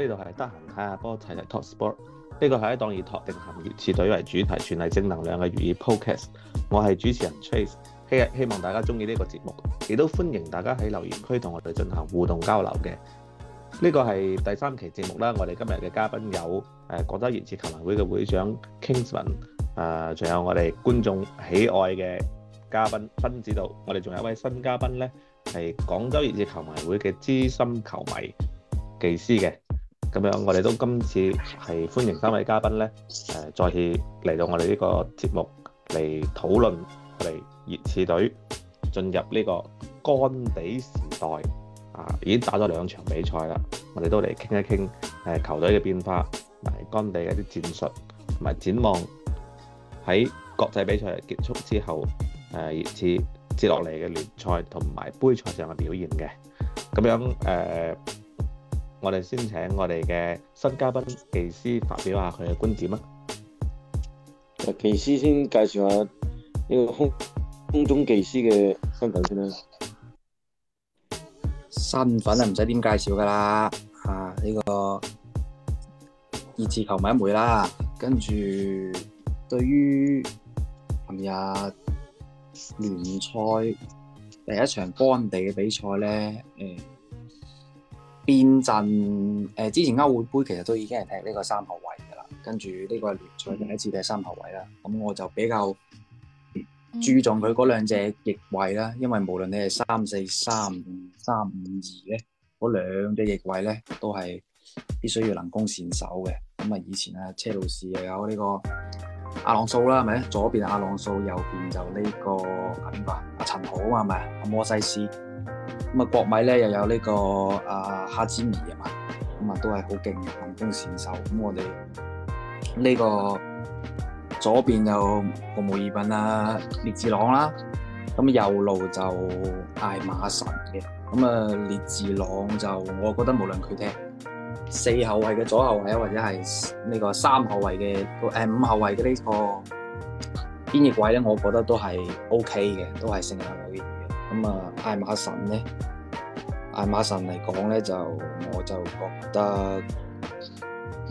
呢度係得閒講下波，齊齊 Talk Spur。呢個係一檔以「托定咸熱刺隊為主題，傳遞正能量嘅粵語 podcast 我係主持人 Trace，希日希望大家鍾意呢個節目，亦都歡迎大家喺留言區同我哋進行互動交流嘅。呢個係第三期節目啦。我哋今日嘅嘉賓有誒廣州熱刺球迷會嘅會長 Klinsmann，誒，仲有我哋觀眾喜愛嘅嘉賓斌指導。我哋仲有一位新嘉賓咧，係廣州熱刺球迷會嘅資深球迷技師嘅。咁樣，我哋都今次係歡迎三位嘉賓咧，誒，再次嚟到我哋呢個節目嚟討論，我哋熱刺隊進入呢個干地時代啊，已經打咗兩場比賽啦，我哋都嚟傾一傾，誒，球隊嘅變化，同埋干地嘅啲戰術，同埋展望喺國際比賽結束之後，誒，熱刺接落嚟嘅聯賽同埋杯賽上嘅表現嘅，咁樣誒。我哋先請我哋嘅新嘉賓技師發表下佢嘅觀點啊！技師先介紹下呢個空空中技師嘅身份先啦。身份啊，唔使點介紹噶啦，吓呢個熱刺球迷一枚啦。跟住對於琴日聯賽第一場干地嘅比賽咧，誒、呃。變陣誒，之前歐會杯其實都已經係踢呢個三後衛噶啦，跟住呢個聯賽第一次踢三後衛啦，咁我就比較注重佢嗰兩隻翼位啦，因為無論你係三四三三五二咧，嗰兩隻翼位咧都係必須要能攻善守嘅。咁啊，以前啊，車路士又有呢個阿朗素啦，係咪左邊阿朗素，右邊就呢、這個阿邊個啊？陳豪係咪阿摩西斯。國國米呢又有呢、這個啊哈芝米啊嘛，咁啊都係好勁嘅進攻手。咁我哋呢、這個左邊就毫無疑問啦，列治朗啦。咁右路就艾馬神嘅。咁列治朗就我覺得無論佢踢四後衞嘅左後衞，或者係呢個三後衞嘅、哎，五後衞嘅呢個邊翼位，我覺得都係 O K 嘅，都係剩下咁啊、嗯，艾馬臣咧，艾馬臣嚟講咧，就我就覺得，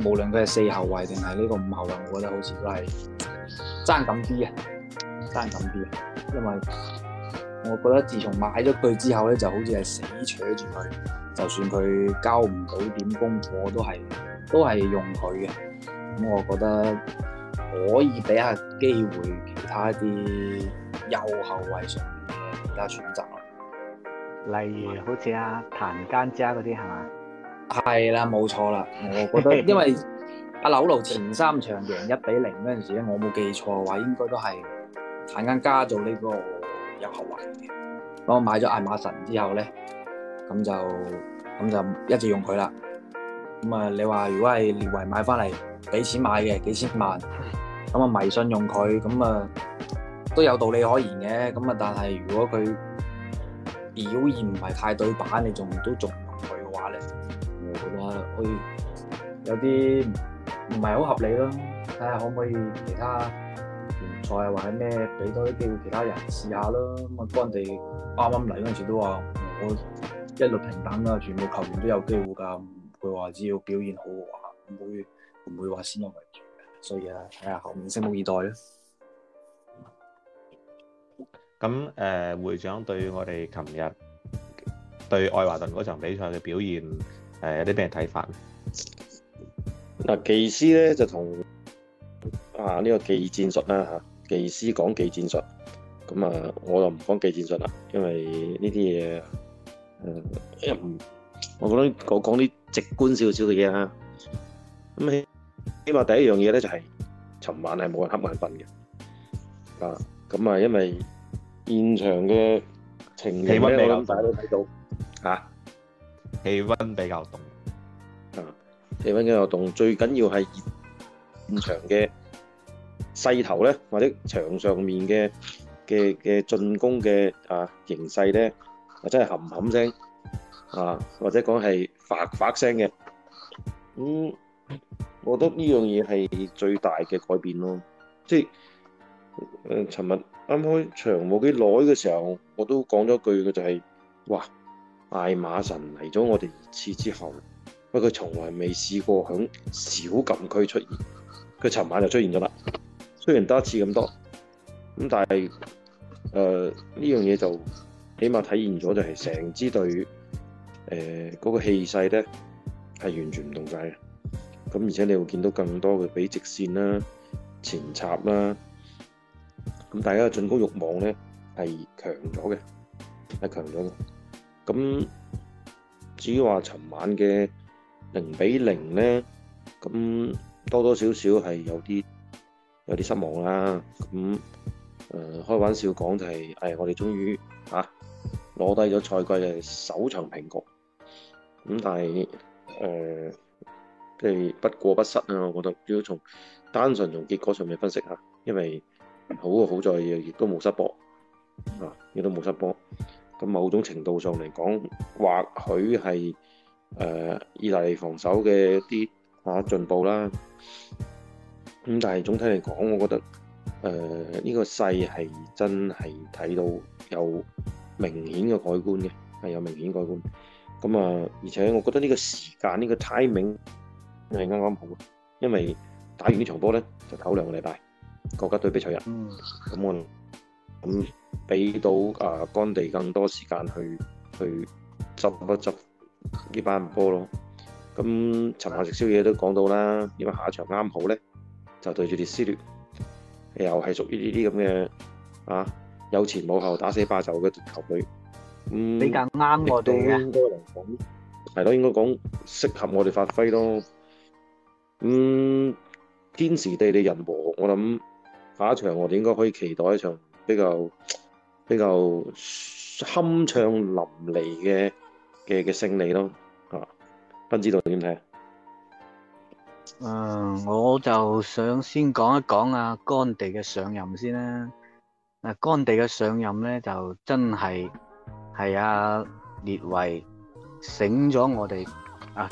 無論佢係四後衛定係呢個五後衛，我覺得好似都係爭咁啲啊，爭咁啲啊，因為我覺得自從買咗佢之後咧，就好似係死扯住佢，就算佢交唔到點功課，我都係都係用佢嘅。咁、嗯、我覺得可以俾下機會其他啲右後衛上。嘅選擇咯，例如好似阿譚間加嗰啲係嘛？係啦，冇錯啦。我覺得因為阿柳路前三場贏一比零嗰陣時咧，我冇記錯嘅話應該都係譚間加做呢個入口位嘅。咁我買咗艾馬神之後咧，咁就咁就一直用佢啦。咁啊，你話如果係列維買翻嚟俾錢買嘅幾千萬，咁啊，迷信用佢咁啊。都有道理可言嘅。咁啊，但係如果佢表現唔係太對版，你仲都續去嘅話咧，我覺得可以有啲唔係好合理咯。睇下可唔可以其他聯賽或者咩，俾多啲機會其他人試下咯。咁啊，干地啱啱嚟嗰陣時都話我一律平等噶，全部球員都有機會噶。佢話只要表現好嘅話，唔會唔會話先入為主嘅。所以啊，睇下後面拭目以待啦。咁誒、呃，會長對我哋琴日對愛華頓嗰場比賽嘅表現，誒、呃、有啲咩睇法咧？嗱、啊，技師咧就同啊呢、呢個技戰術啦嚇、啊，技師講技戰術。咁啊，我就唔講技戰術啦，因為呢啲嘢誒唔，我覺得我講啲直觀少少嘅嘢啦。咁，起起碼第一樣嘢咧就係、係，尋晚係冇人瞌眼瞓嘅。啊，咁啊，因為現場嘅情形，氣温比較大都睇到嚇，氣温比較凍啊，氣温比較凍。最緊要係現場嘅勢頭咧，或者場上面嘅嘅嘅進攻嘅啊形勢咧，或者係冚冚聲啊，或者講係發發聲嘅。咁我覺得呢樣嘢係最大嘅改變咯，即係誒尋日。啱開場冇幾耐嘅時候，我都講咗句嘅就係、是，哇！艾馬神嚟咗我哋二次之後，不過佢從來未試過響小禁區出現，佢尋晚就出現咗啦。雖然得一次咁多，咁但係，誒呢樣嘢就起碼體現咗就係成支隊誒嗰、呃那個氣勢咧係完全唔同曬嘅。咁而且你會見到更多嘅畀直線啦、啊、前插啦、啊。咁大家嘅進攻慾望咧係強咗嘅，係強咗嘅。咁至於話尋晚嘅零比零咧，咁多多少少係有啲有啲失望啦。咁誒、呃、開玩笑講就係、是，誒、哎、我哋終於嚇攞低咗賽季嘅首場平局。咁但係誒，即、呃、係、就是、不過不失啦。我覺得，如果從單純從結果上面分析嚇，因為好啊，好在亦都冇失波，啊，亦都冇失波。咁某種程度上嚟講，或許係誒意大利防守嘅一啲啊進步啦。咁但係總體嚟講，我覺得誒呢個勢係真係睇到有明顯嘅改觀嘅，係有明顯改觀。咁啊，而且我覺得呢個時間呢個 timing 係啱啱好，因為打完呢場波咧就唞兩個禮拜。國家隊比賽日，咁我咁俾到啊，干地更多時間去去執一執呢班波咯。咁尋晚食宵夜都講到啦，因為下一場啱好咧，就對住列斯聯，又係屬於呢啲咁嘅啊有前冇後打死霸就嘅球隊，嗯比較啱我哋嘅，應該嚟講係咯，應該講適合我哋發揮咯。咁、嗯、天時地利人和，我諗。下一場我哋應該可以期待一場比較比較酣暢淋漓嘅嘅嘅勝利咯。啊，不知道點睇？誒，我就想先講一講阿、啊、干地嘅上任先啦、啊。阿干地嘅上任咧，就真係係啊列維醒咗我哋啊，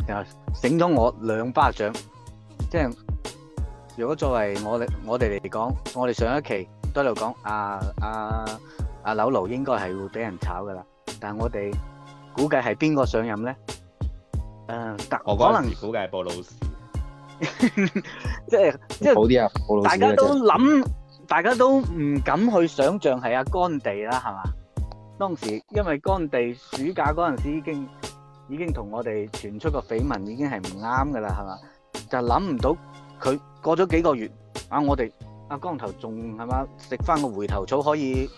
醒咗我兩巴掌，即係。如果作為我哋我哋嚟講，我哋上一期都喺度講，啊啊啊柳奴應該係會俾人炒噶啦，但係我哋估計係邊個上任咧？誒，可能估計係布魯斯，即係即係，好啲啊，大家都諗，大家都唔敢去想像係阿乾地啦，係嘛？當時因為乾地暑假嗰陣時已經已經同我哋傳出個緋聞，已經係唔啱噶啦，係嘛？就諗唔到佢。過咗幾個月，啊，我哋阿光頭仲係嘛，食翻個回頭草可，可以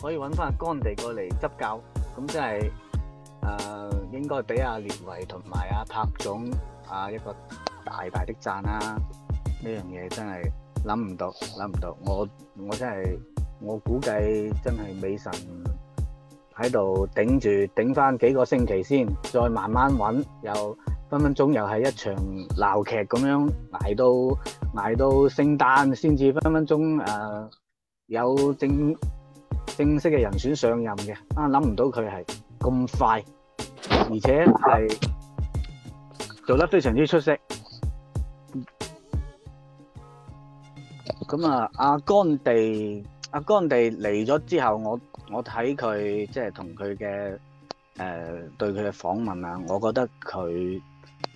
可以搵翻阿乾地過嚟執教，咁即係誒，應該俾阿列維同埋阿柏總啊一個大大的讚啦、啊！呢樣嘢真係諗唔到，諗唔到，我我真係我估計真係美神。喺度頂住，頂翻幾個星期先，再慢慢揾，又分分鐘又係一場鬧劇咁樣，挨到挨到聖誕先至分分鐘誒、呃、有正正式嘅人選上任嘅，啊，諗唔到佢係咁快，而且係做得非常之出色。咁、嗯、啊，阿、啊、干地。阿干地嚟咗之後，我我睇佢即係同佢嘅誒對佢嘅訪問啊，我覺得佢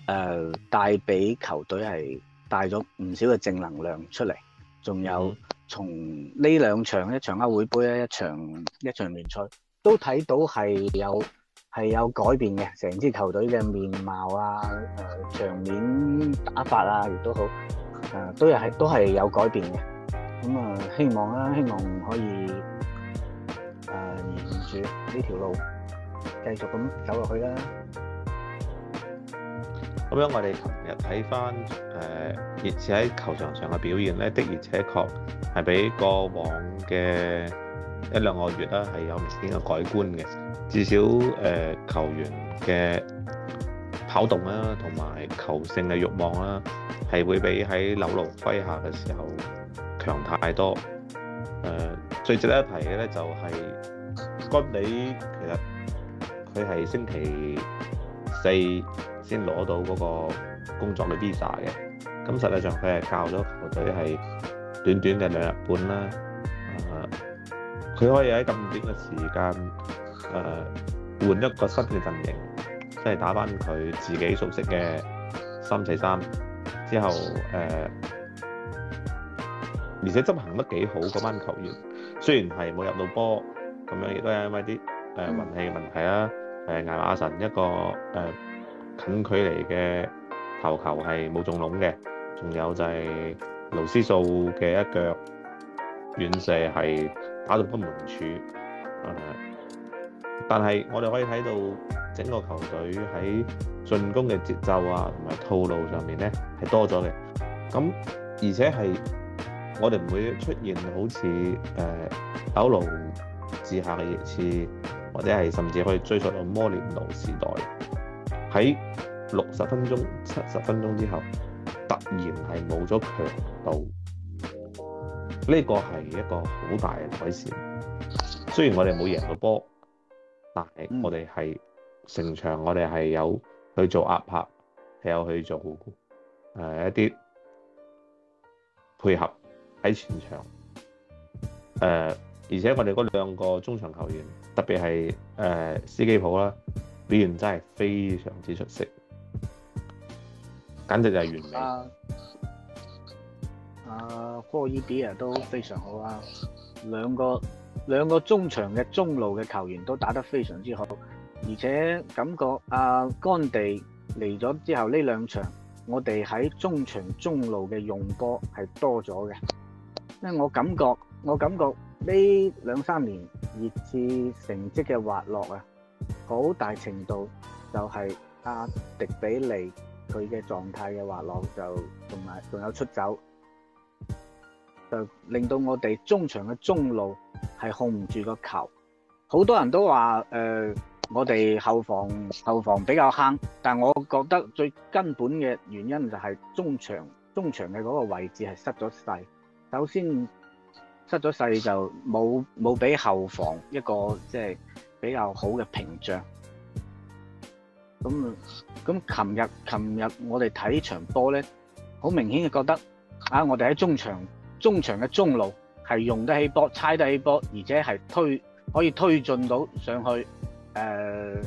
誒帶俾球隊係帶咗唔少嘅正能量出嚟，仲有從呢兩場一場歐會杯啊，一場一場聯賽都睇到係有係有改變嘅，成支球隊嘅面貌啊、場面打法啊，亦都好誒，都係係都係有改變嘅。咁啊，希望啦，希望可以誒、呃、沿住呢條路繼續咁走落去啦。咁樣，我哋琴日睇翻誒，熱刺喺球場上嘅表現咧，的而且確係比過往嘅一兩個月啦，係有唔少嘅改觀嘅。至少誒、呃、球員嘅跑動啦、啊，同埋求勝嘅欲望啦、啊，係會比喺紐魯麾下嘅時候。強太多，誒最值得一提嘅咧就係戈里，其實佢係星期四先攞到嗰個工作嘅 visa 嘅，咁實際上佢係教咗球隊係短短嘅兩日半啦，誒佢可以喺咁短嘅時間誒換一個新嘅陣型，即係打返佢自己熟悉嘅三四三之後誒。而且執行得幾好，嗰班球員雖然係冇入到波，咁樣亦都係因為啲誒運氣嘅問題啦。誒，艾馬神一個誒近距離嘅頭球係冇中籠嘅，仲有就係勞斯數嘅一腳遠射係打到個門柱。誒，但係我哋可以睇到整個球隊喺進攻嘅節奏啊同埋套路上面呢係多咗嘅。咁而且係。我哋唔會出現好似誒考羅治下嘅熱刺，或者係甚至可以追溯到摩連奴時代喺六十分鐘、七十分鐘之後，突然係冇咗強度，呢、這個係一個好大嘅改善。雖然我哋冇贏到波，但係我哋係成場，我哋係有去做壓拍，有去做誒、呃、一啲配合。喺前場誒、呃，而且我哋嗰兩個中場球員，特別係誒司機普啦，表現真係非常之出色，簡直就係完美啊。啊，科爾比啊都非常好啊。兩個兩個中場嘅中路嘅球員都打得非常之好，而且感覺阿干、啊、地嚟咗之後兩場，呢兩場我哋喺中場中路嘅用波係多咗嘅。因為我感覺，我感覺呢兩三年熱刺成績嘅滑落啊，好大程度就係阿迪比利佢嘅狀態嘅滑落，就同埋仲有出走，就令到我哋中場嘅中路係控唔住個球。好多人都話誒、呃，我哋後防後防比較坑，但我覺得最根本嘅原因就係中場中場嘅嗰個位置係失咗勢。首先失咗勢就冇冇俾後防一個即係比較好嘅屏障。咁咁琴日琴日我哋睇場波咧，好明顯嘅覺得啊，我哋喺中場中場嘅中路係用得起波、猜得起波，而且係推可以推進到上去誒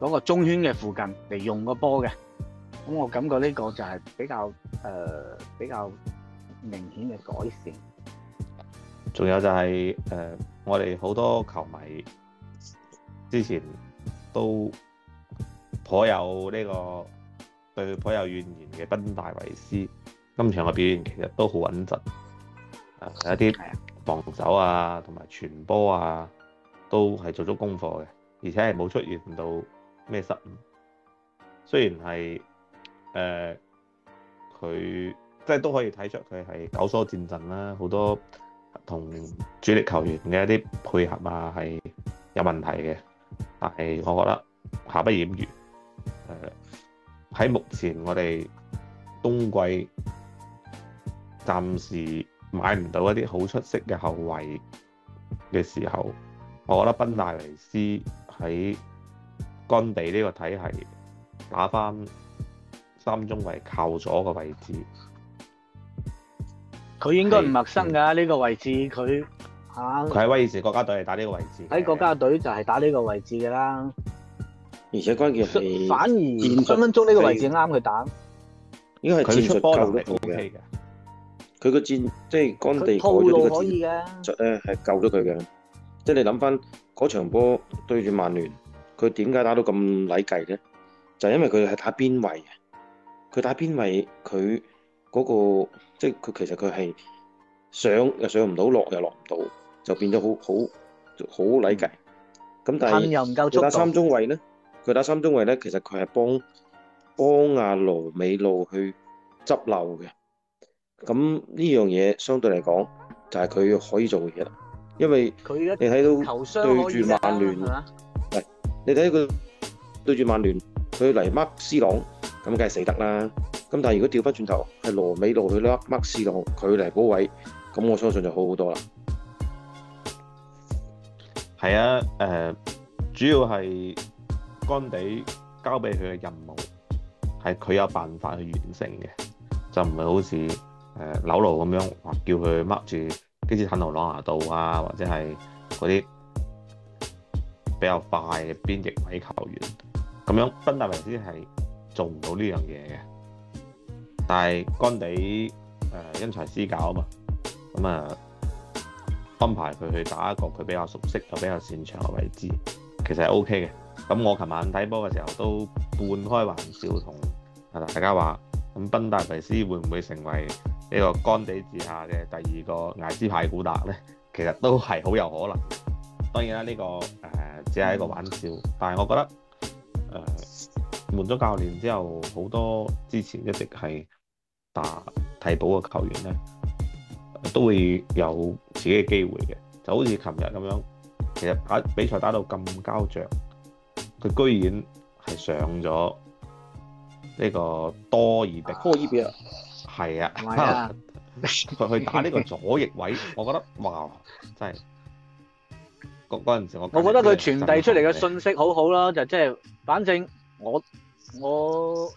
嗰個中圈嘅附近嚟用個波嘅。咁我感覺呢個就係比較誒比較。呃比較明顯嘅改善，仲有就係、是、誒、呃，我哋好多球迷之前都頗有呢、這個對佢頗有怨言嘅賓大維斯，今場嘅表現其實都好穩陣，誒、呃、一啲防守啊，同埋傳波啊，都係做足功課嘅，而且係冇出現到咩失誤。雖然係誒佢。呃即係都可以睇出佢係久疏戰陣啦，好多同主力球員嘅一啲配合啊係有問題嘅。但係我覺得瑕不掩瑜。誒、呃、喺目前我哋冬季暫時買唔到一啲好出色嘅後衞嘅時候，我覺得賓大尼斯喺干地呢個體系打翻三中衞靠左嘅位置。佢應該唔陌生㗎，呢個位置佢嚇。佢喺威爾士國家隊係打呢個位置。喺國家隊就係打呢個位置嘅啦。而且關鍵係，反而三分鐘呢個位置啱佢打。應該係戰術救力嘅。佢個戰即係干地改咗呢個戰術咧，係救咗佢嘅。即係你諗翻嗰場波對住曼聯，佢點解打到咁禮計咧？就係因為佢係打邊位嘅。佢打邊位，佢。嗰個即係佢，其實佢係上又上唔到，落又落唔到，就變咗好好好泥計。咁但係其他三中衞咧，佢打三中衞咧，其實佢係幫幫阿羅美路去執漏嘅。咁呢樣嘢相對嚟講，就係佢可以做嘅嘢啦。因為你睇到對住曼聯，係你睇佢對住曼聯，佢嚟 mark C 朗，咁梗係死得啦。咁但係如果掉翻轉頭係羅美路去甩麥士路距離嗰位，咁我相信就好好多啦。係啊、呃，主要係干地交俾佢嘅任務係佢有辦法去完成嘅，就唔係好似誒紐路咁樣話叫佢掹住基斯坦奴朗拿度啊，或者係嗰啲比較快嘅邊翼位球員咁樣。賓達維斯係做唔到呢樣嘢嘅。但係干地、呃、因材施教啊嘛，安排佢去打一個佢比較熟悉又比較擅長嘅位置，其實係 OK 嘅。咁我琴晚睇波嘅時候都半開玩笑同大家話，咁賓戴維斯會唔會成為呢個干地之下嘅第二個艾斯派古達呢？其實都係好有可能。當然啦，呢、呢個、呃、只係一個玩笑，嗯、但係我覺得誒、呃、換咗教練之後，好多之前一直係打替補嘅球員咧，都會有自己嘅機會嘅，就好似琴日咁樣，其實打比賽打到咁膠着，佢居然係上咗呢個多爾迪。多爾迪係啊，佢去打呢個左翼位，我覺得哇，真係嗰嗰陣時我，我、就是、我，我覺得佢傳遞出嚟嘅信息好好啦，就即係反正我我。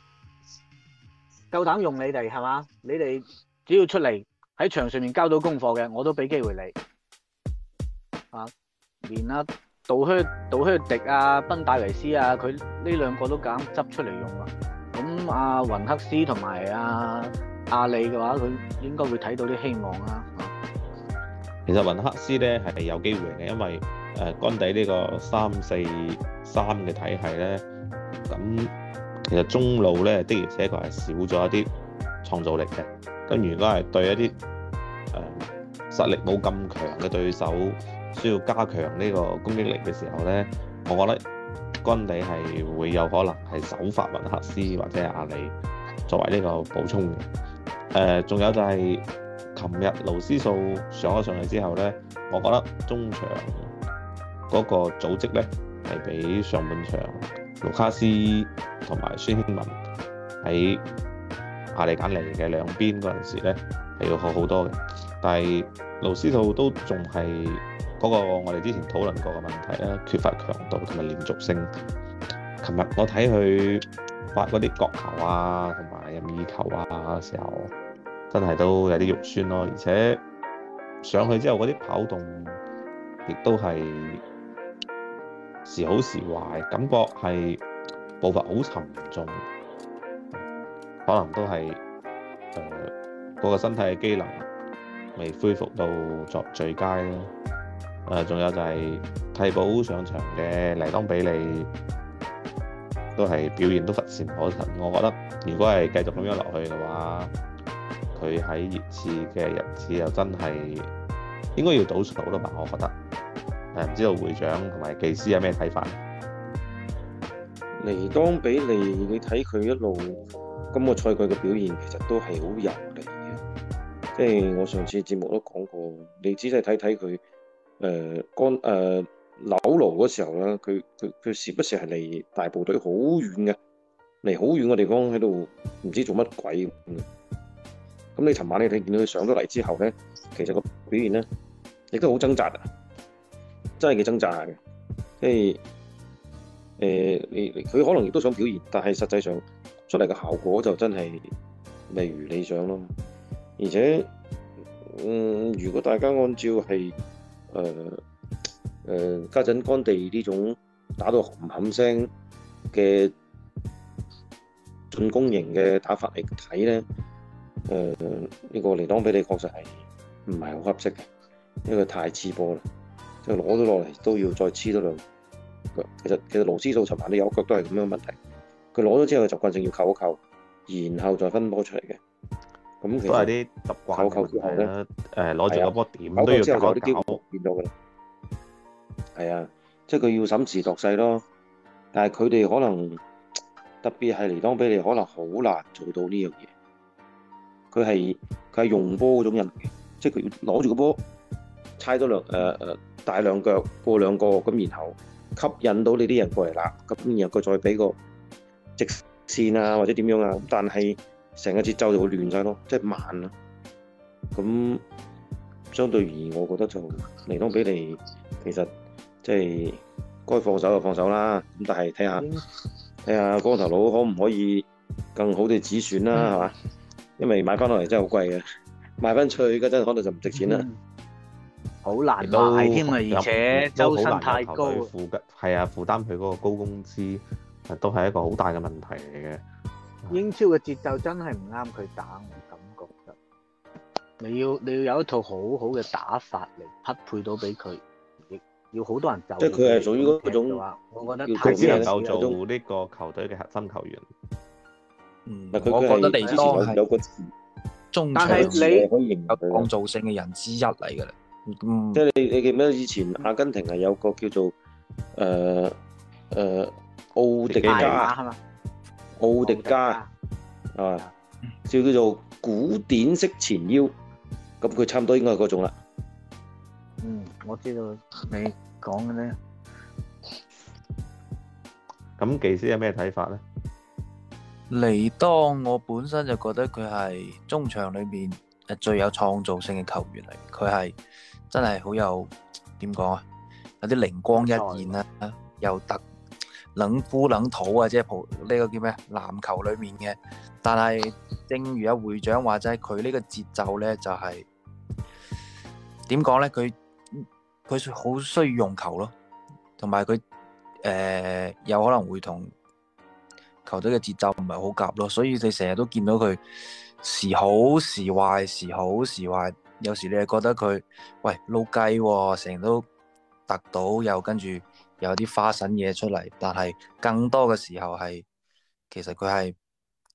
夠膽用你哋係嘛？你哋只要出嚟喺場上面交到功課嘅，我都俾機會你。啊，連啊杜靴杜靴迪啊，賓戴維斯啊，佢呢兩個都夠膽執出嚟用啊。咁阿雲克斯同埋阿阿里嘅話，佢應該會睇到啲希望啦。其實雲克斯咧係有機會嘅，因為誒，干地呢個三四三嘅體系咧，咁。其實中路咧的而且確係少咗一啲創造力嘅，咁如果係對一啲誒、呃、實力冇咁強嘅對手，需要加強呢個攻擊力嘅時候咧，我覺得軍隊係會有可能係首發文克斯或者係亞利作為呢個補充嘅。誒、呃，仲有就係琴日勞斯數上咗上去之後咧，我覺得中場嗰個組織咧係比上半場。盧卡斯同埋孫興文喺阿利簡尼嘅兩邊嗰陣時呢係要好好多嘅，但係盧斯圖都仲係嗰個我哋之前討論過嘅問題啊，缺乏強度同埋連續性。琴日我睇佢發嗰啲角球啊，同埋任意球啊嘅時候，真係都有啲肉酸咯，而且上去之後嗰啲跑動亦都係。時好時壞，感覺係步伐好沉重，可能都係、呃、個身體嘅機能未恢復到作最佳、呃、還仲有就係替補上場嘅尼當比利，都係表現都乏善可陳，我覺得如果係繼續咁樣落去嘅話，佢喺熱刺嘅日子又真係應該要倒數啦吧？我覺得。誒唔知道會長同埋技師有咩睇法？尼當比利，你睇佢一路今個賽季嘅表現，其實都係好油膩嘅。即係我上次節目都講過，你只係睇睇佢誒幹誒扭奴嗰時候啦，佢佢佢時不時係離大部隊好遠嘅，離好遠嘅地方喺度唔知做乜鬼。咁你尋晚你睇見到佢上咗嚟之後咧，其實個表現咧亦都好掙扎。真係幾掙扎下嘅，跟住誒，你、呃、佢可能亦都想表現，但係實際上出嚟嘅效果就真係未如理想咯。而且，嗯，如果大家按照係誒誒家陣干地呢種打到冚冚聲嘅進攻型嘅打法嚟睇咧，誒、呃、呢、這個尼丹比利確實係唔係好合適嘅，因為太黐波啦。就攞咗落嚟都要再黐多兩腳，其實其實羅斯杜尋晚有一腳都係咁樣問題。佢攞咗之後嘅習慣性要扣一扣，然後再分波出嚟嘅。咁都係啲習慣嘅動作咧。誒攞住個波點都要扣，扣咗之後，有啲機會見到㗎喇。係啊，即係佢要審、啊、時度勢咯。但係佢哋可能特別係尼當比利，可能好難做到呢樣嘢。佢係佢係用波嗰種人，即係佢要攞住個波，猜多兩帶兩腳過兩個咁，然後吸引到你啲人過嚟啦。咁然後佢再俾個直線啊，或者點樣啊。但係成個節奏就會亂晒咯，即係慢啊。咁相對而，我覺得就嚟講，比你，其實即係、就是、該放手就放手啦。咁但係睇下睇、嗯、下光頭佬可唔可以更好地止損啦，係嘛、嗯？因為買翻落嚟真係好貴嘅，賣翻出去嗰陣可能就唔值錢啦。嗯。好難打添啊！而且很很周薪太高，係啊，負擔佢嗰個高工資，都係一個好大嘅問題嚟嘅。英超嘅節奏真係唔啱佢打，我感覺得。你要你要有一套好好嘅打法嚟匹配到俾佢，要好多人走。即係佢係屬於嗰嗰種，我覺得佢只能夠做呢個球隊嘅核心球員。嗱、嗯，我覺得你之前有個字，但是中場嘅可以形容佢創造性嘅人之一嚟噶啦。嗯、即係你你記唔記得以前阿根廷係有個叫做誒誒奧迪加，奧迪加係嘛？叫吧叫做古典式前腰，咁佢差唔多應該係嗰種啦。嗯，我知道你講嘅咧。咁技師有咩睇法咧？尼多，我本身就覺得佢係中場裏面誒最有創造性嘅球員嚟，佢係。真係好有點講啊，有啲靈光一現啊，錯又特冷敷冷土啊，即係呢個叫咩？籃球裡面嘅。但係正如阿會長話齋，佢呢個節奏咧就係點講咧？佢佢好需要用球咯，同埋佢誒有可能會同球隊嘅節奏唔係好夾咯，所以你成日都見到佢時好時壞，時好時壞。有時你係覺得佢，喂，撈計喎，成日都突到又跟住有啲花臣嘢出嚟，但係更多嘅時候係其實佢係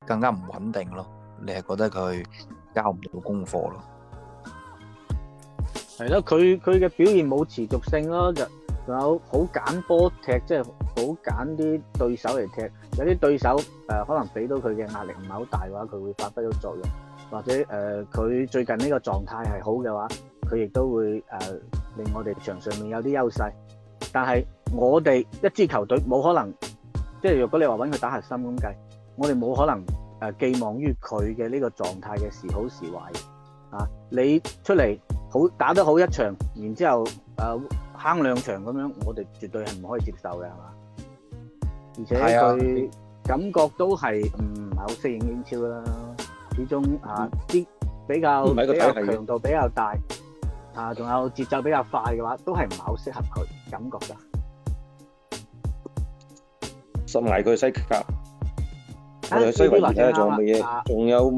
更加唔穩定咯。你係覺得佢交唔到功課咯？係咯，佢佢嘅表現冇持續性咯，就仲有好揀波踢，即係好揀啲對手嚟踢。有啲對手誒，可能俾到佢嘅壓力唔係好大嘅話，佢會發揮到作用。或者誒，佢、呃、最近呢個狀態係好嘅話，佢亦都會誒、呃、令我哋場上面有啲優勢。但係我哋一支球隊冇可能，即係若果你話揾佢打核心咁計，我哋冇可能誒、呃、寄望於佢嘅呢個狀態嘅時好時壞。啊，你出嚟好打得好一場，然之後誒坑、呃、兩場咁樣，我哋絕對係唔可以接受嘅，係嘛？而且佢感覺都係唔係好適應英超啦。始終啊啲比較強度比較大啊，仲有節奏比較快嘅話，都係唔係好適合佢，感覺噶。十挨佢西甲，我哋西維爾而家仲有乜嘢？仲有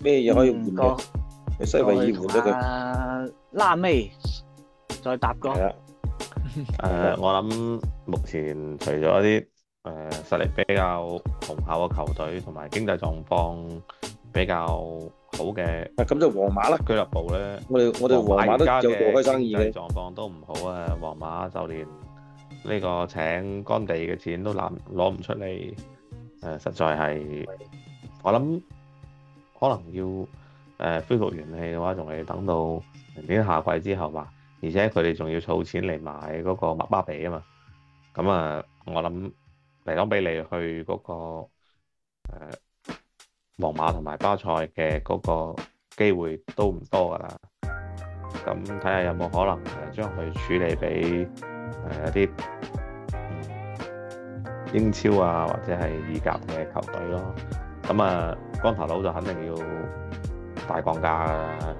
咩嘢可以換嘅？你西維爾要換咗佢。拉尾再搭歌。係啦。誒，我諗目前除咗一啲誒實力比較雄厚嘅球隊，同埋經濟狀況比較好嘅，啊咁就皇馬啦，俱樂部咧，我哋我哋皇馬都有過開生意嘅狀況都唔好啊！皇馬就連呢個請干地嘅錢都攬攞唔出嚟，誒實在係我諗可能要誒恢復元氣嘅話，仲係等到明年夏季之後吧。而且佢哋仲要儲錢嚟買嗰個麥巴比啊嘛。咁啊，我諗嚟講俾你去嗰個誒。皇馬同埋巴塞嘅嗰個機會都唔多噶啦，咁睇下有冇有可能誒將佢處理俾一啲英超啊或者係意甲嘅球隊咯。咁啊，光頭佬就肯定要大降價噶啦。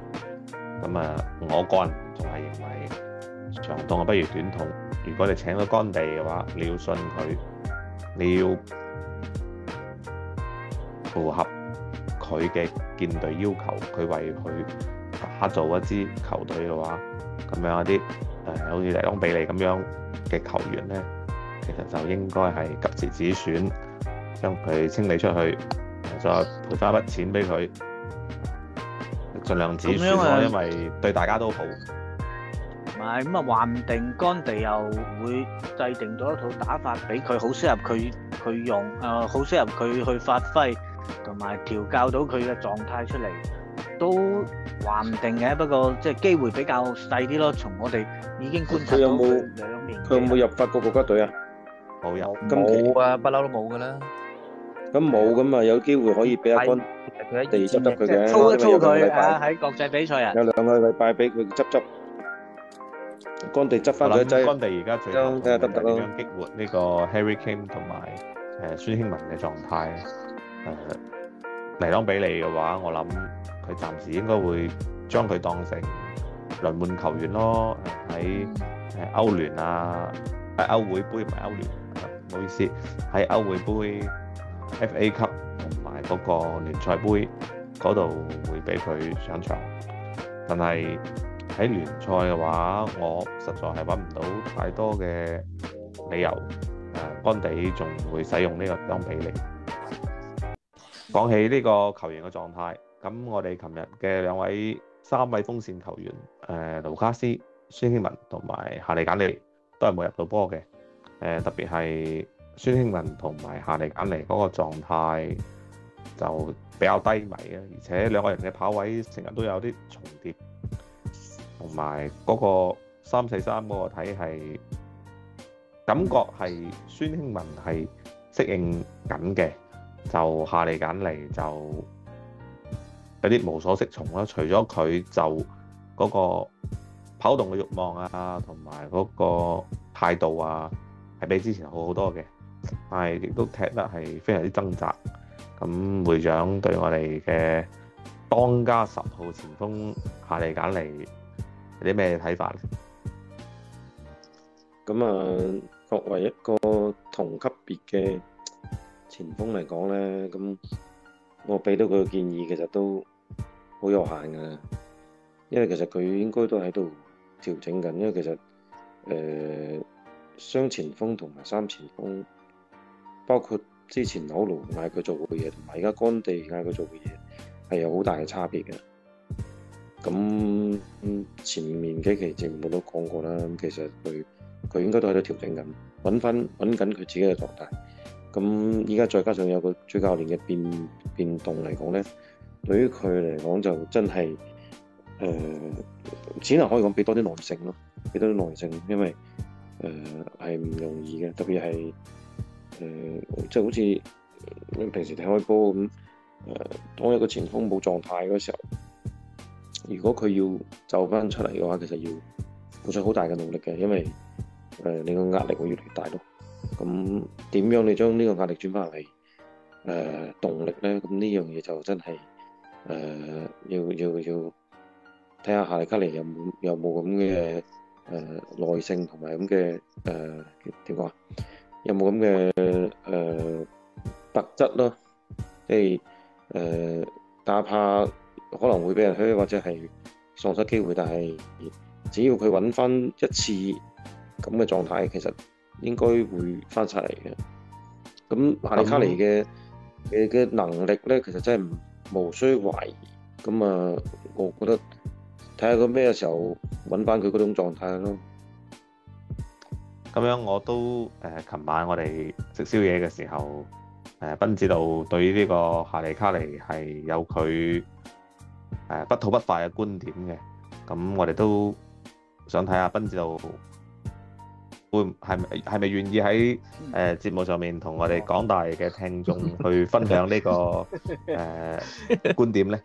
咁我個人仲係認為長痛不如短痛。如果你請到干地嘅話，你要信佢，你要符合。佢嘅建隊要求，佢為佢打造一支球隊嘅話，咁樣一啲誒、呃，好似尼康比利咁樣嘅球員咧，其實就應該係及時止損，將佢清理出去，再賠翻一筆錢俾佢，儘量止損，因為對大家都好。唔係，咁啊話唔定，干地又會制定咗一套打法俾佢，好適合佢佢用，誒、呃，好適合佢去發揮。同埋調教到佢嘅狀態出嚟都話唔定嘅，不過即係機會比較細啲咯。從我哋已經觀察佢有冇，佢有冇入法國國家隊啊？冇入，冇啊，不嬲都冇噶啦。咁冇咁啊，有機會可以俾阿軍第二執得佢嘅，操一操佢啊！喺國際比賽啊，有兩個禮拜俾佢執執，干地執翻個劑。干地而家最，點樣激活呢個 Harry Kane 同埋誒孫興文嘅狀態？呃尼，當比利嘅話，我諗佢暫時應該會將佢當成輪換球員咯，喺歐聯啊，歐會盃唔係歐聯，呃，唔好意思，喺歐會盃、FA 級同埋嗰個聯賽盃嗰度會俾佢上場。但係喺聯賽嘅話，我實在係搵唔到太多嘅理由，誒、呃，干地仲會使用呢個當比利。講起呢個球員嘅狀態，我哋琴日嘅兩位三位鋒線球員，盧卡斯、孫興文同埋夏利簡尼都係冇入到波嘅。特別係孫興文同埋夏利簡尼嗰個狀態就比較低迷，而且兩個人嘅跑位成日都有啲重疊，同埋嗰個三四三嗰個體系感覺係孫興文係適應緊嘅。就夏利簡尼就有啲無所適從啦，除咗佢就嗰個跑動嘅慾望啊，同埋嗰個態度啊，係比之前好好多嘅，但係亦都踢得係非常之掙扎。咁會長對我哋嘅當家十號前鋒夏利簡尼有啲咩睇法咧？咁啊，作為一個同級別嘅。前鋒嚟講咧，咁我俾到佢嘅建議，其實都好有限㗎。因為其實佢應該都喺度調整緊，因為其實誒、呃、雙前鋒同埋三前鋒，包括之前紐魯嗌佢做嘅嘢，同埋而家干地嗌佢做嘅嘢，係有好大嘅差別嘅。咁前面幾期節目都講過啦，咁其實佢佢應該都喺度調整緊，揾翻揾緊佢自己嘅狀態。咁而家再加上有個主教練嘅變變動嚟講咧，對於佢嚟講就真係誒只能可以講俾多啲耐性咯，俾多啲耐性，因為誒係唔容易嘅，特別係誒即係好似你平時踢開波咁，誒、呃、當一個前鋒冇狀態嗰時候，如果佢要走翻出嚟嘅話，其實要付出好大嘅努力嘅，因為誒、呃、你個壓力會越嚟越大咯。咁點樣你將呢個壓力轉翻嚟誒動力咧？咁呢樣嘢就真係誒、呃、要要要睇下夏利卡尼有冇有冇咁嘅誒耐性同埋咁嘅誒點講啊？有冇咁嘅誒特質咯？即係誒，哪、呃、怕可能會俾人蝦或者係喪失機會，但係只要佢揾翻一次咁嘅狀態，其實～應該會翻曬嚟的。咁哈利卡尼嘅、嗯、能力咧，其實真係無需懷疑。咁我覺得睇下佢咩嘅時候揾翻佢嗰種狀態咯。咁樣我都誒，琴晚我哋食宵夜嘅時候，誒斌指導對於呢個哈利卡尼係有佢不吐不快嘅觀點嘅。咁我哋都想睇下斌指導。會係咪係咪願意喺誒節目上面同我哋廣大嘅聽眾去分享呢個誒觀點咧？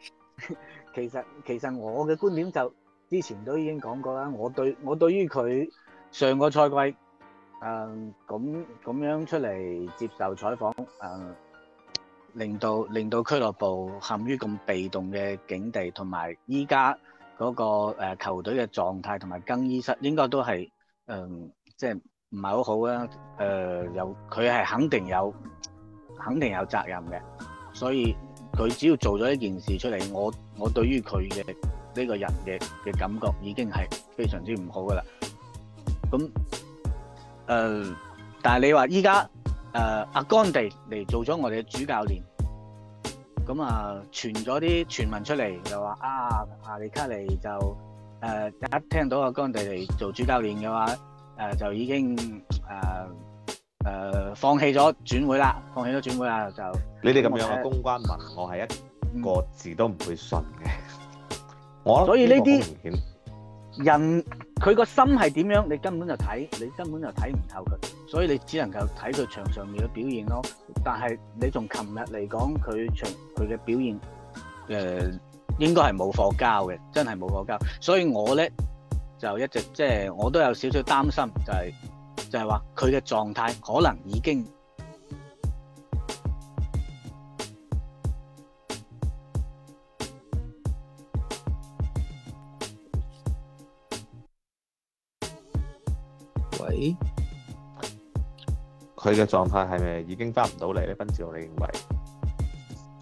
其實其實我嘅觀點就之前都已經講過啦，我對我對於佢上個賽季誒咁咁樣出嚟接受採訪誒，令到令到俱樂部陷於咁被動嘅境地，同埋依家嗰個誒球隊嘅狀態同埋更衣室應該都係誒。即係唔係好好啦？誒、呃，有佢係肯定有肯定有責任嘅，所以佢只要做咗一件事出嚟，我我對於佢嘅呢個人嘅嘅感覺已經係非常之唔好噶啦。咁、嗯、誒、呃，但係你話依家誒阿干地嚟做咗我哋嘅主教練，咁、嗯、啊、呃、傳咗啲傳聞出嚟，就話啊啊，李卡尼就誒、呃、一聽到阿干地嚟做主教練嘅話。誒就已經誒誒放棄咗轉會啦，放棄咗轉會啦就。你哋咁樣嘅公關文，我係一個字都唔會信嘅。嗯、 我所以呢啲人佢個心係點樣？你根本就睇，你根本就睇唔透佢。所以你只能夠睇佢場上面嘅表現咯。但係你從琴日嚟講，佢場佢嘅表現誒、呃、應該係冇貨交嘅，真係冇貨交。所以我咧。就一直即係、就是，我都有少少擔心、就是，就係就係話佢嘅狀態可能已經喂，佢嘅狀態係咪已經返唔到嚟咧？斌少，你認為？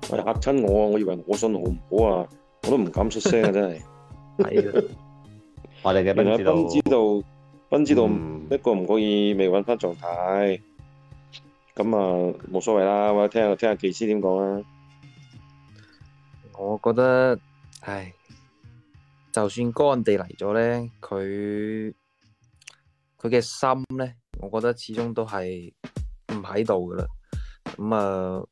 嚇親我啊！我以為我信好唔好啊？我都唔敢出聲啊！真係。係啊 的。 原來斌指導，斌指導、嗯、斌指導，斌指導一個唔覺意未揾翻狀態，咁啊冇所謂啦，或者聽下聽下技師點講啦。我覺得，唉，就算干地嚟咗咧，佢佢嘅心咧，我覺得始終都係唔喺度噶啦。咁啊，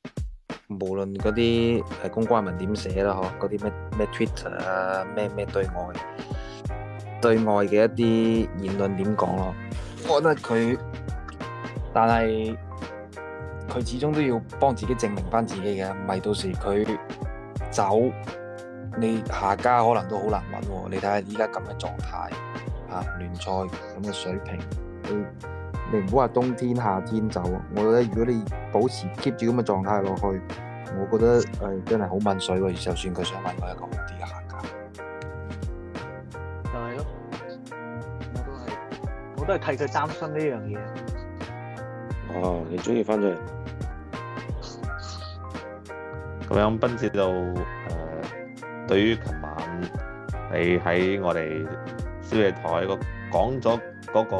無論嗰啲係公關文點寫啦，嗬，嗰啲咩咩 Twitter 啊，咩咩對外，對外嘅一啲言論點講囉，我覺得佢，但係佢始終都要幫自己證明返自己嘅，唔係到時佢走，你下家可能都好難揾喎、哦。你睇下依家咁嘅狀態，嚇、啊、聯賽咁嘅水平，你你唔好話冬天夏天走，我覺得如果你保持 keep 住咁嘅狀態落去，我覺得、哎、真係好問水喎。就算佢想揾一個好啲我都係替佢擔心呢樣嘢。哦、啊，你中意翻出嚟？咁樣斌子就誒，對於琴晚你喺我哋宵夜台講了、那個講咗嗰個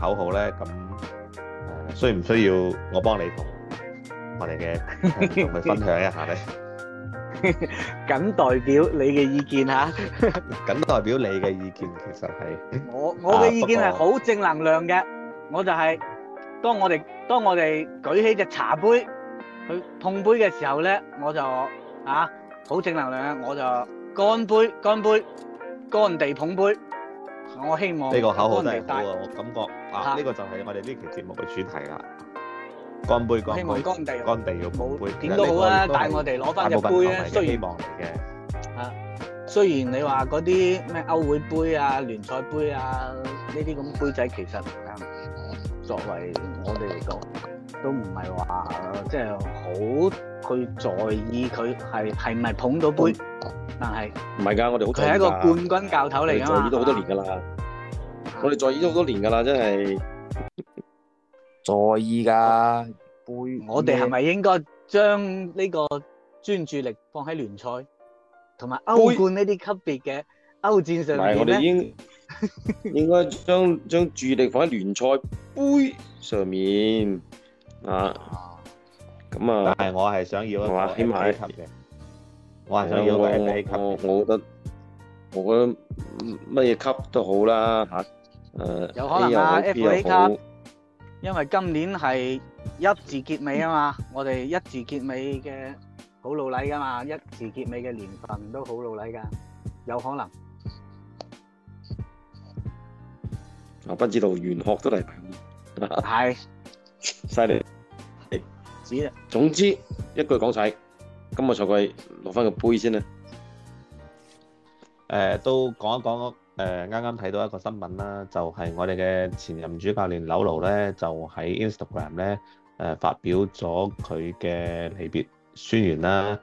口號呢？咁需唔需要我幫你同我哋嘅同佢分享一下呢？ 僅代表你嘅意見吓，僅代表你嘅意見，其實係我我嘅意見係好正能量嘅。我就係當我哋當我哋舉起隻茶杯去碰杯嘅時候咧，我就啊好正能量，我就乾杯乾杯乾地碰杯。我希望呢個口號真係好啊！我感覺啊，呢個就係我哋呢期節目嘅主題啦。乾杯乾杯，希望乾地，乾地要杯，點都好啊！帶我哋攞翻隻杯啊！希望嚟嘅！雖然你話嗰啲咩歐會杯啊、聯賽杯啊呢啲咁杯仔，其實啊，作為我哋嚟講，都唔係話即係好去在意佢係係咪捧到杯，但係唔係㗎，我哋好佢係一個冠軍教頭嚟㗎在意咗好多年㗎啦，啊、我哋在意咗好多年㗎啦，真係。在意噶杯，啊，我哋係咪應該將呢個專注力放喺聯賽同埋歐冠呢啲級別嘅歐戰上面唔係，我哋 應應該將將注意力放喺聯賽杯上面，哦、啊。咁啊，但係我係想、啊、想要一個 A 級嘅，我係想要一個 A 級。我覺得，我覺得乜嘢級都好啦吓。誒、啊，uh, 有可能啊，A 級因為今年係一字結尾啊嘛，我哋一字結尾嘅好老禮噶嘛，一字結尾嘅年份都好老禮噶，有可能。啊，不知道玄學都嚟埋。係，犀利。止啦。總之一句講晒，今日賽季攞翻個杯先啦。誒，都講一講。誒啱啱睇到一個新聞啦，就係、是、我哋嘅前任主教練柳盧咧，就喺 Instagram 咧誒發表咗佢嘅離別宣言啦。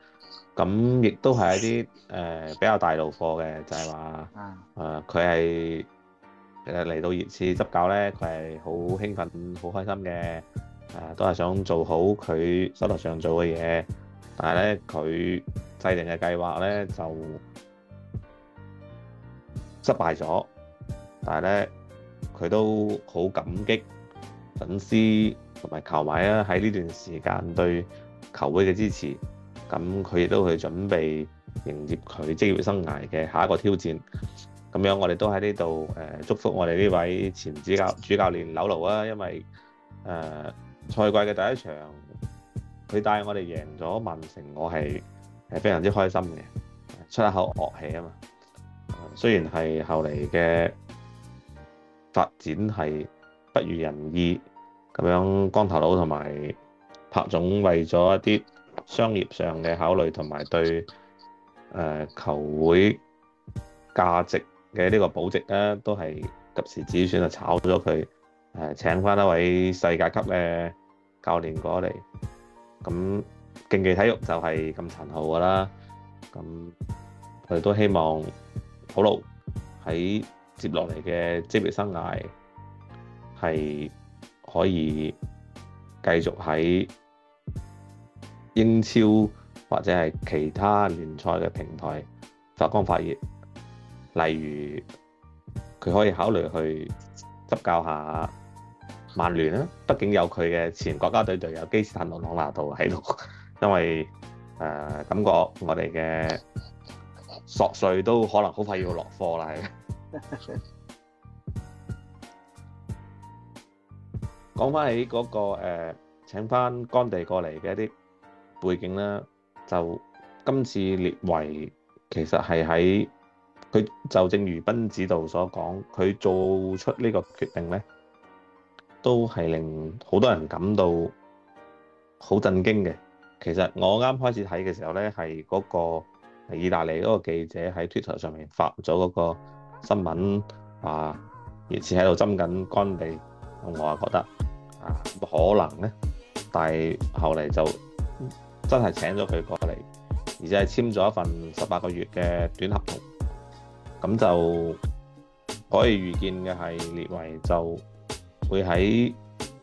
咁亦都係一啲誒比較大路貨嘅，就係話誒佢係其實嚟到熱刺執教咧，佢係好興奮、好開心嘅。誒、呃、都係想做好佢手頭上做嘅嘢，但係咧佢制定嘅計劃咧就～失敗咗，但係咧，佢都好感激粉絲同埋球迷啊，喺呢段時間對球會嘅支持，咁佢亦都去準備迎接佢職業生涯嘅下一個挑戰。咁樣我哋都喺呢度誒，祝福我哋呢位前主教主教練柳盧啊！因為誒、呃、賽季嘅第一場，佢帶我哋贏咗曼城，我係係非常之開心嘅，出一口惡氣啊嘛！雖然係後來嘅發展係不如人意，咁樣光頭佬同埋柏總為咗一啲商業上嘅考慮，同埋對誒球會價值嘅呢個保值咧，都係及時止損啊，炒咗佢誒，請返一位世界級嘅教練過嚟，咁競技體育就係咁殘酷㗎啦，咁我哋都希望。好咯，喺接落嚟嘅職業生涯係可以繼續喺英超或者係其他聯賽嘅平台發光發熱。例如，佢可以考慮去執教一下曼聯啦。畢竟有佢嘅前國家隊隊友基斯坦諾朗拿度喺度，因為，誒、呃、感覺我哋嘅。索性都可能好快要落課啦，係。講翻起嗰個、呃、請翻干地過嚟嘅一啲背景咧，就今次列維其實係喺佢就正如賓指導所講，佢做出呢個決定呢，都係令好多人感到好震驚嘅。其實我啱開始睇嘅時候呢，係嗰、那個。意大利嗰個記者喺 Twitter 上面發咗嗰個新聞，啊、而熱刺喺度針緊干地，我覺覺得、啊、可能呢，但係後來就真係請咗佢過嚟，而且係簽咗一份十八個月嘅短合同，咁就可以預見嘅係列維就會喺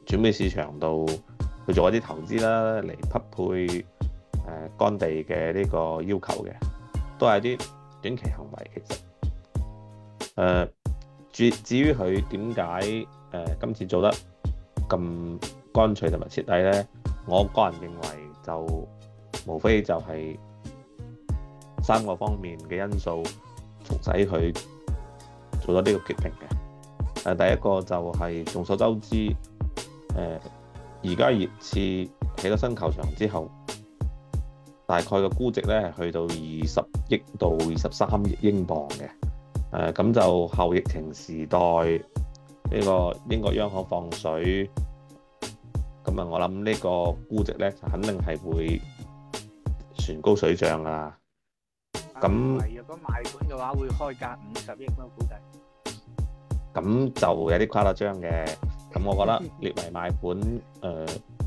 轉會市場度去做一啲投資啦，嚟匹配誒干、呃、地嘅呢個要求嘅。都係啲短期行為，其實，呃，至於佢點解誒今次做得咁乾脆同埋徹底呢？我個人認為就無非就係三個方面嘅因素促使佢做咗呢個決定嘅，呃。第一個就係眾所周知，呃，而家熱刺起咗新球場之後。大概個估值呢，係去到二十億到二十三億英鎊嘅，呃，咁就後疫情時代呢、呢個英國央行放水，咁我諗呢個估值呢，肯定係會船高水漲啦。咁、啊，那如果賣盤嘅話，會開價五十億啦估計。咁就有啲誇大張嘅，咁我覺得列為賣盤。呃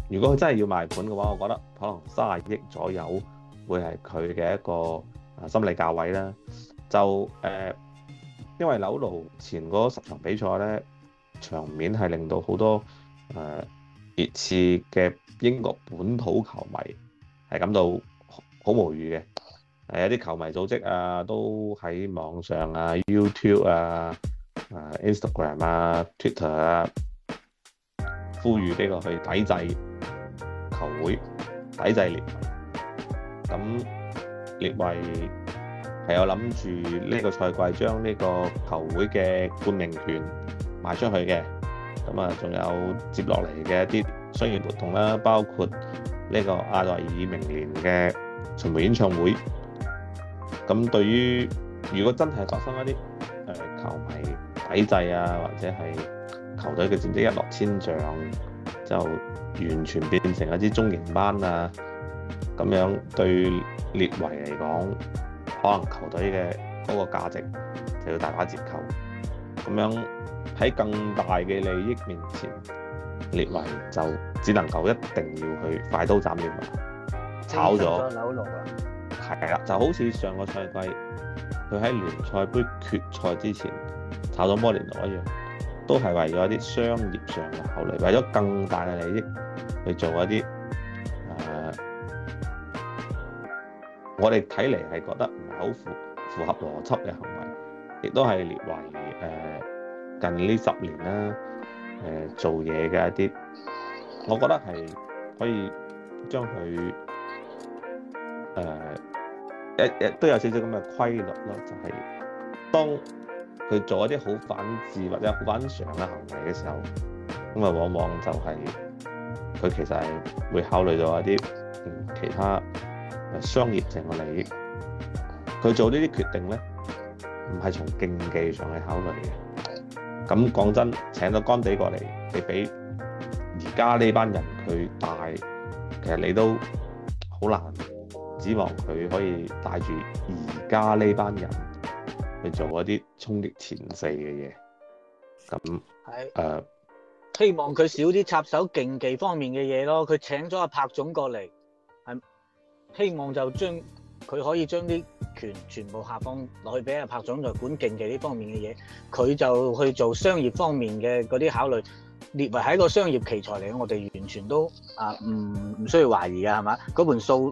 如果佢真係要賣盤嘅話，我覺得可能三十億左右會係佢嘅一個心理價位咧。就誒、呃，因為紐魯前嗰十場比賽呢，場面係令到好多誒、呃、熱刺嘅英國本土球迷係感到好無語嘅。係有啲球迷組織啊，都喺網上啊、YouTube 啊、Instagram 啊、Twitter 啊，呼籲呢個去抵制。球會抵制列維，咁列維係有諗住呢個賽季將呢個球會嘅冠名權賣出去嘅，咁啊仲有接落嚟嘅一啲商業活動啦，包括呢個阿黛爾明年嘅巡回演唱會。咁對於如果真係發生一啲、呃、球迷抵制啊，或者係球隊嘅戰績一落千丈。就完全變成一支中型班啊，咁樣對列維嚟講，可能球隊嘅嗰個價值就要大打折扣。咁樣喺更大嘅利益面前，列維就只能夠一定要去快刀斬亂麻，炒咗。炒咗紐魯啦。係啦、啊，就好似上個賽季佢喺聯賽杯決賽之前炒咗摩連奴一樣。都係為咗一啲商業上嘅考慮，為咗更大嘅利益去做一啲、呃、我哋睇嚟係覺得唔係好符合邏輯嘅行為，亦都係列為近呢十年啦、呃、做嘢嘅一啲，我覺得係可以將佢誒都有少少咁嘅規律囉，就係、是、當佢做一啲好反智或者好反常嘅行為嘅時候，因為往往就係佢其實會考慮到一啲其他商業性嘅利益。佢做呢啲決定咧，唔係從競技上去考慮嘅。咁講真，請到干地過嚟，你比而家呢班人佢帶，其實你都好難指望佢可以帶住而家呢班人。去做一啲衝擊前四嘅嘢，咁，係誒，希望佢少啲插手競技方面嘅嘢咯。佢請咗阿柏總過嚟，係希望就將佢可以將啲權全部下放落去俾阿柏總，就管競技呢方面嘅嘢。佢就去做商業方面嘅嗰啲考慮，列維係一個商業奇才嚟。我哋完全都啊，唔唔需要懷疑啊，係嘛？嗰盤數。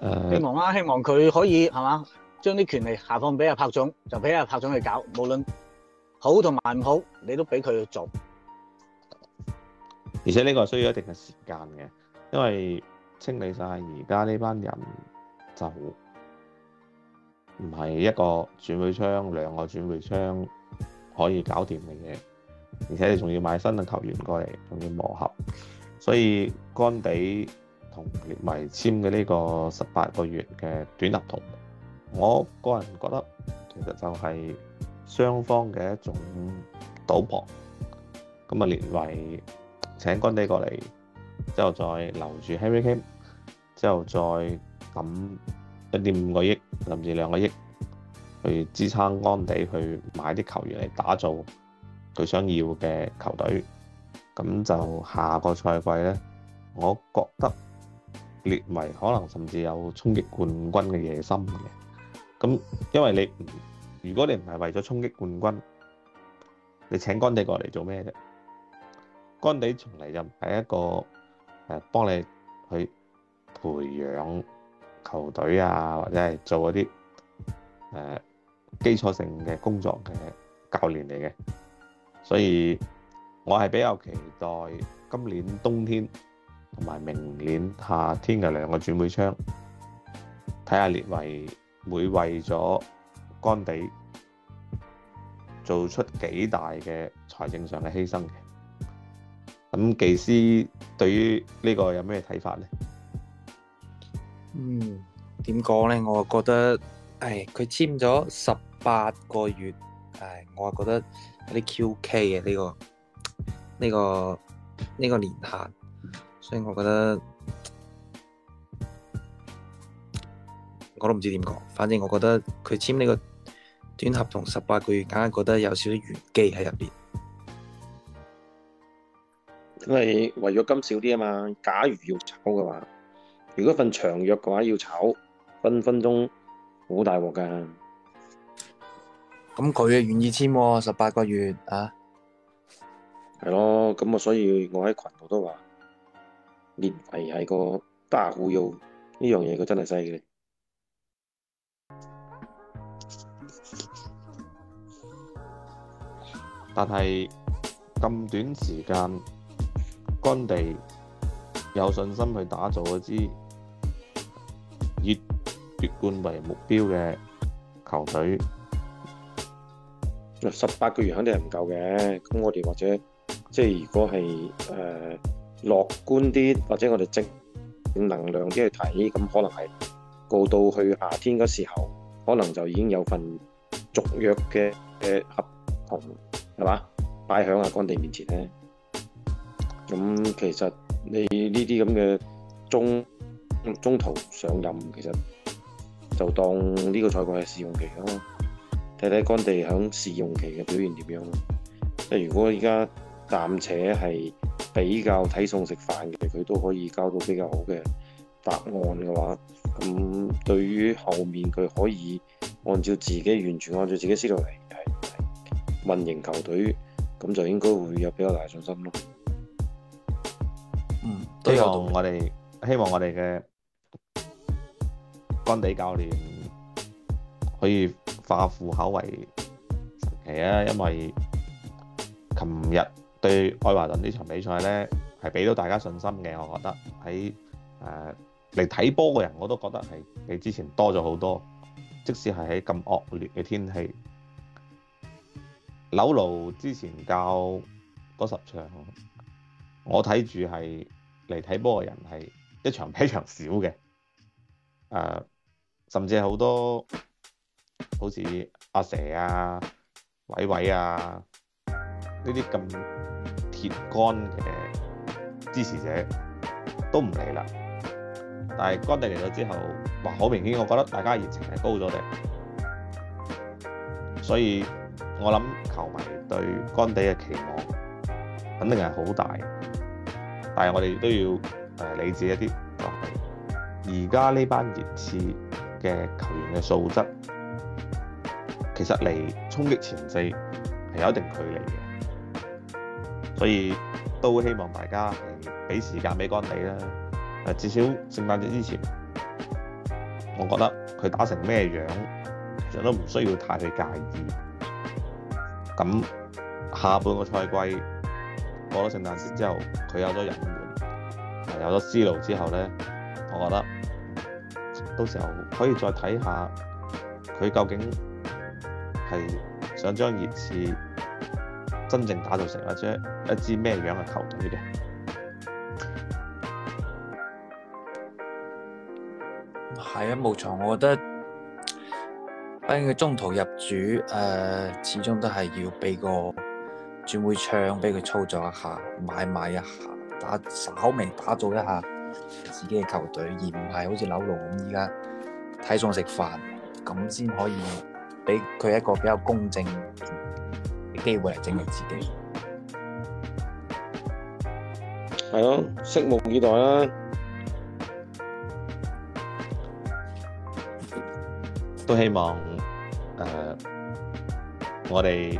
希望啦，啊，希望佢可以係嘛，將啲權力下放俾阿柏總，就俾阿柏總去搞，無論好同埋唔好，你都俾佢做。而且呢個需要一定嘅時間嘅，因為清理晒而家呢班人就唔係一個轉會窗，兩個轉會窗可以搞掂嘅嘢，而且你仲要買新嘅球員過嚟，仲要磨合，所以干地。同列維簽嘅呢個十八個月嘅短合同，我個人覺得其實就係雙方嘅一種賭博。咁啊，列維請干地過嚟，之後再留住 Harry Kane，之後再揼一點五個億甚至兩個億去支撐干地去買啲球員嚟打造佢想要嘅球隊。咁就下個賽季呢，我覺得。列為可能甚至有衝擊冠軍嘅野心嘅，咁因為你如果你唔係為咗衝擊冠軍，你請干地過嚟做咩啫？干地從嚟就唔係一個誒，幫你去培養球隊啊，或者係做一啲誒基礎性嘅工作嘅教練嚟嘅，所以我係比較期待今年冬天。同埋明年夏天嘅兩個轉會窗，睇下列維會為咗干地做出幾大嘅財政上嘅犧牲嘅。咁技師對於呢個有咩睇法呢？嗯，點講呢？我覺得，唉，佢簽咗十八個月，唉，我覺得有啲 QK 嘅、呢個、呢個呢、呢個呢、呢個年限。所以我覺得我都唔知點講，反正我覺得佢簽呢個短合同十八個月，梗係覺得有少少玄機喺入邊。因為違約金少啲啊嘛，假如要炒嘅話，如果份長約嘅話要炒，分分鐘好大鑊噶。咁佢啊願意簽十八個月啊？係咯，咁啊，所以我喺群度都話。年嚟係個大忽悠，呢樣嘢佢真係犀利。但係咁短時間，干地有信心去打造一支以奪冠為目標嘅球隊，十八個月肯定係唔夠嘅。咁我哋或者即係如果係誒，樂觀啲，或者我哋正能量啲去睇，咁可能係過到去夏天嗰時候，可能就已經有份續約嘅嘅合同，係嘛，擺喺阿干地面前咧。咁其實你呢啲咁嘅中中途上任，其實就當呢個賽季係試用期咯，睇睇干地喺試用期嘅表現點樣咯。即係如果而家。暫且係比較睇餸食飯嘅，佢都可以交到比較好嘅答案嘅話，咁對於後面佢可以按照自己完全按照自己的思路嚟係運營球隊，咁就應該會有比較大信心咯。嗯，希望我哋希望我哋嘅干地教練可以化腐朽為神奇啊！因為琴日，對愛華頓呢場比賽呢，係俾到大家信心嘅，我覺得喺誒嚟睇波嘅人，我都覺得係比之前多咗好多。即使係喺咁惡劣嘅天氣，紐奴之前教嗰十場，我睇住係嚟睇波嘅人係一場比一場少嘅，呃，甚至係好多好似阿蛇啊、偉偉啊。呢啲咁鐵杆嘅支持者都唔嚟啦，但係干地嚟咗之後，哇，好明顯，我覺得大家熱情係高咗，所以我諗球迷對干地嘅期望肯定係好大，但係我哋都要、呃、理智一啲，而家呢班熱刺嘅球員嘅素質，其實嚟衝擊前四係有一定距離嘅。所以都希望大家俾時間俾干地啦。至少聖誕節之前，我覺得佢打成咩樣，其實都唔需要太去介意。咁下半個賽季過咗聖誕節之後，佢有咗引援有咗思路之後呢，我覺得到時候可以再睇下佢究竟係想將熱刺真正打造成或者一支咩樣嘅球隊嘅，係啊！冇錯，我覺得，反正佢中途入主，誒、呃，始終都係要俾個轉會窗俾佢操作一下，買賣一下，打稍微打造一下自己嘅球隊，而唔係好似紐龍咁依家睇餸食飯，咁先可以俾佢一個比較公正。機會嚟證明自己，係咯，拭目以待啦！都希望誒，我哋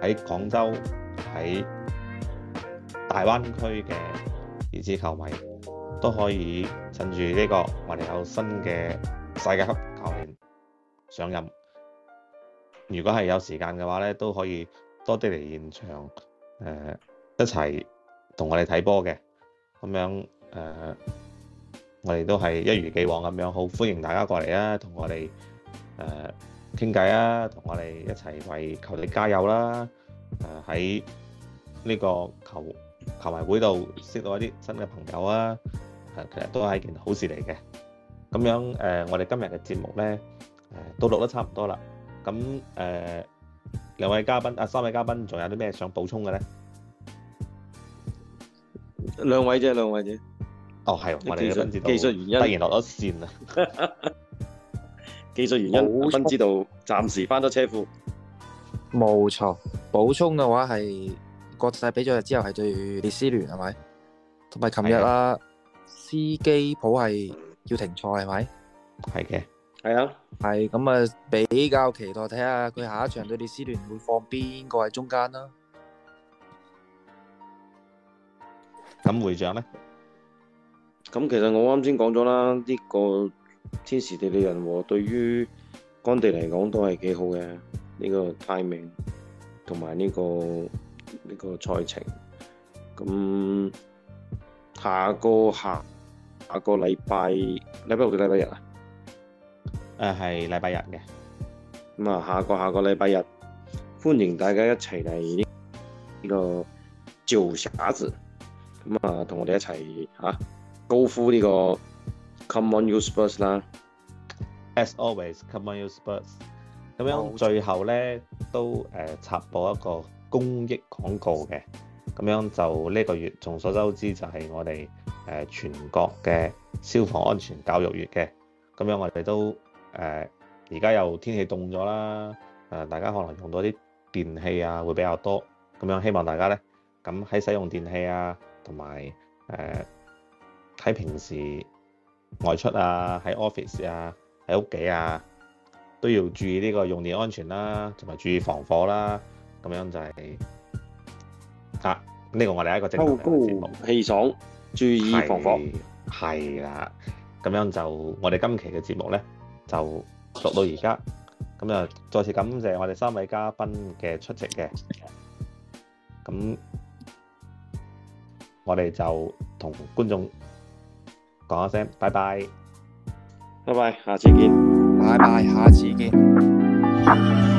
喺廣州喺大灣區嘅熱刺球迷都可以趁住呢個我哋有新嘅世界級教練上任。如果係有時間嘅話呢都可以多啲嚟現場誒、呃、一齊同我哋睇波嘅咁樣誒、呃，我哋都係一如既往咁樣好歡迎大家過嚟啊，同我哋誒傾偈啊，同我哋一齊為球隊加油啦、啊！誒喺呢個球球迷會度識到一啲新嘅朋友啊，其實都係一件好事嚟嘅。咁樣誒、呃，我哋今日嘅節目呢，誒、呃、都錄得差唔多啦。咁誒兩位嘉賓啊，三位嘉賓，仲有啲咩想補充嘅咧？兩位啫，兩位啫。哦，係，我哋技術技術原因突然落咗線啊！技術原因，唔知道暫時翻咗車庫。冇錯，補充嘅話係國際比賽日之後係對列斯聯係咪？同埋琴日啊，斯基普係要停賽係咪？係嘅。係啊，係咁啊，比較期待睇下佢下一場對列斯聯會放邊個喺中間啦。咁會長咧？咁其實我啱先講咗啦，呢個天時地利人和對於干地嚟講都係幾好嘅，呢個 timing 同埋呢個呢個賽程。咁下個下下個禮拜禮拜六定禮拜日啊？誒，係禮拜日嘅，咁啊，下個下個禮拜日，歡迎大家一齊嚟呢個趙沙、這個、子，咁啊，同我哋一齊吓高呼呢個 Come on, you Spurs 啦！As always, Come on, you Spurs。咁樣最後呢都誒、呃、插播一個公益廣告嘅，咁樣就呢個月眾所周知就係我哋誒、呃、全國嘅消防安全教育月嘅，咁樣我哋都。誒而家又天氣凍咗啦，大家可能用到啲電器啊，會比較多咁樣。希望大家咧咁喺使用電器啊，同埋誒平時外出啊，喺 office 啊，喺屋企啊，都要注意呢個用電安全啦、啊，同埋注意防火啦、啊。咁樣就係、是、啊，呢個我哋一個正題嘅節目，高高氣爽、oh, cool. 注意防火係啦。咁樣就我哋今期嘅節目呢。就錄到而家，咁啊，再次感謝我哋三位嘉賓嘅出席嘅，咁我哋就同觀眾講一聲拜拜，拜拜，下次見，拜拜，下次見。